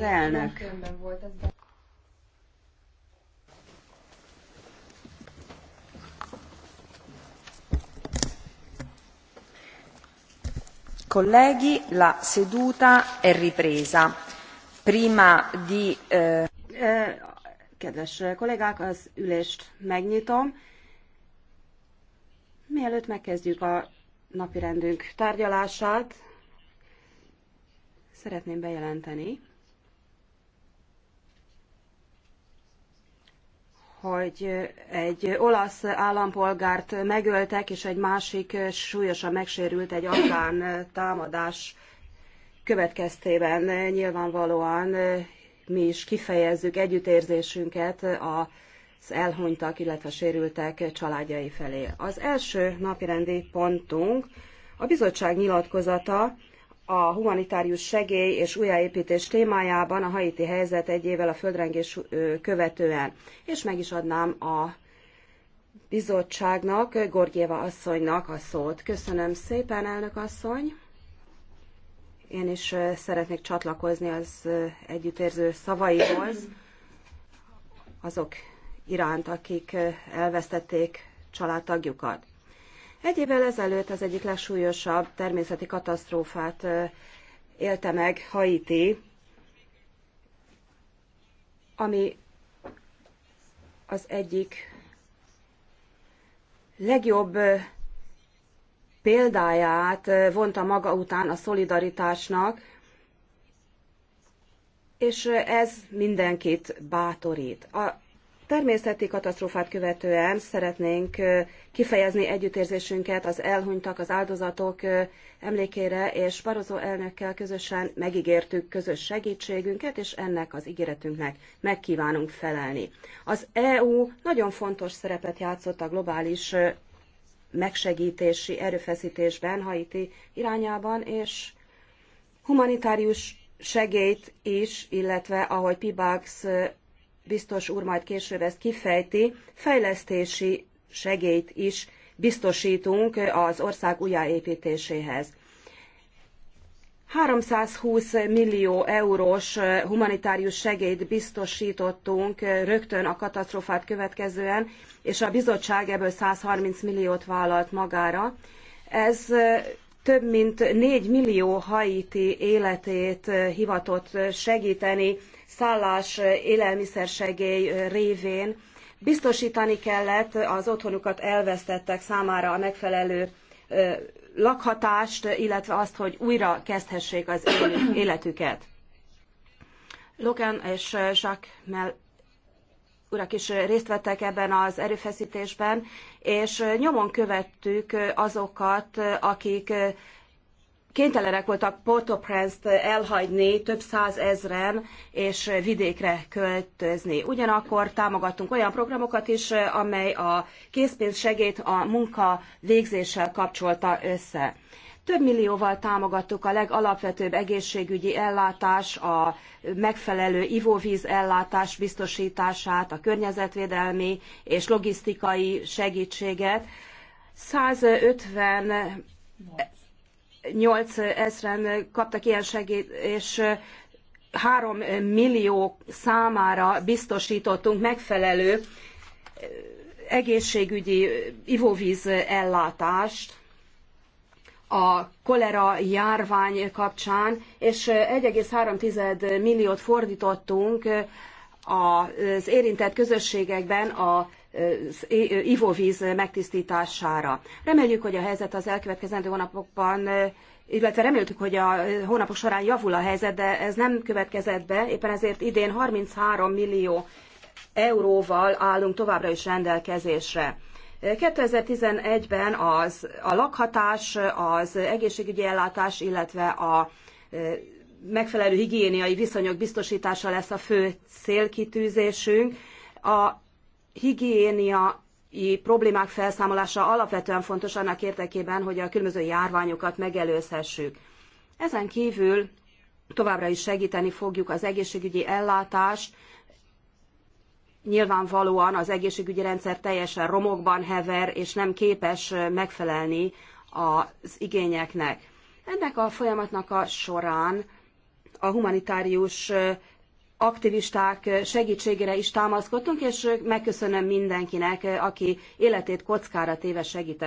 az elnök. Colleghi, la seduta è ripresa. Prima di... Eh, eh... Kedves kollégák, az ülést megnyitom. Mielőtt megkezdjük a napirendünk tárgyalását, szeretném bejelenteni, hogy egy olasz állampolgárt megöltek, és egy másik súlyosan megsérült egy afgán támadás következtében nyilvánvalóan mi is kifejezzük együttérzésünket az elhunytak, illetve sérültek családjai felé. Az első napirendi pontunk a bizottság nyilatkozata a humanitárius segély és újjáépítés témájában a haiti helyzet egy évvel a földrengés követően. És meg is adnám a bizottságnak, Gorgieva asszonynak a szót. Köszönöm szépen, elnök asszony. Én is szeretnék csatlakozni az együttérző szavaihoz azok iránt, akik elvesztették családtagjukat. Egy évvel ezelőtt az egyik legsúlyosabb természeti katasztrófát élte meg Haiti, ami az egyik legjobb példáját vonta maga után a szolidaritásnak, és ez mindenkit bátorít. A természeti katasztrófát követően szeretnénk kifejezni együttérzésünket az elhunytak, az áldozatok emlékére, és Barozó elnökkel közösen megígértük közös segítségünket, és ennek az ígéretünknek megkívánunk felelni. Az EU nagyon fontos szerepet játszott a globális megsegítési erőfeszítésben Haiti irányában, és humanitárius segélyt is, illetve ahogy Pibax biztos úr majd később ezt kifejti, fejlesztési segélyt is biztosítunk az ország újjáépítéséhez. 320 millió eurós humanitárius segélyt biztosítottunk rögtön a katasztrófát következően, és a bizottság ebből 130 milliót vállalt magára. Ez több mint 4 millió haiti életét eh, hivatott eh, segíteni szállás eh, élelmiszersegély révén. Biztosítani kellett az otthonukat elvesztettek számára a megfelelő lakhatást, illetve azt, hogy újra kezdhessék az életüket. Logan és Jacques Mel urak is részt vettek ebben az erőfeszítésben, és nyomon követtük azokat, akik kénytelenek voltak Port-au-Prince-t elhagyni több százezren és vidékre költözni. Ugyanakkor támogattunk olyan programokat is, amely a készpénz segélyt a munka végzéssel kapcsolta össze. Több millióval támogattuk a legalapvetőbb egészségügyi ellátás, a megfelelő ivóvíz ellátás biztosítását, a környezetvédelmi és logisztikai segítséget. 150 8 ezren kaptak ilyen segít, és 3 millió számára biztosítottunk megfelelő egészségügyi ivóvíz ellátást a kolera járvány kapcsán, és 1,3 milliót fordítottunk az érintett közösségekben a ivóvíz megtisztítására. Reméljük, hogy a helyzet az elkövetkezendő hónapokban illetve reméltük, hogy a hónapok során javul a helyzet, de ez nem következett be, éppen ezért idén 33 millió euróval állunk továbbra is rendelkezésre. 2011-ben az, a lakhatás, az egészségügyi ellátás, illetve a e, megfelelő higiéniai viszonyok biztosítása lesz a fő célkitűzésünk. A higiéniai problémák felszámolása alapvetően fontos annak érdekében, hogy a különböző járványokat megelőzhessük. Ezen kívül továbbra is segíteni fogjuk az egészségügyi ellátást, nyilvánvalóan az egészségügyi rendszer teljesen romokban hever, és nem képes megfelelni az igényeknek. Ennek a folyamatnak a során a humanitárius aktivisták segítségére is támaszkodtunk, és megköszönöm mindenkinek, aki életét kockára téve segített.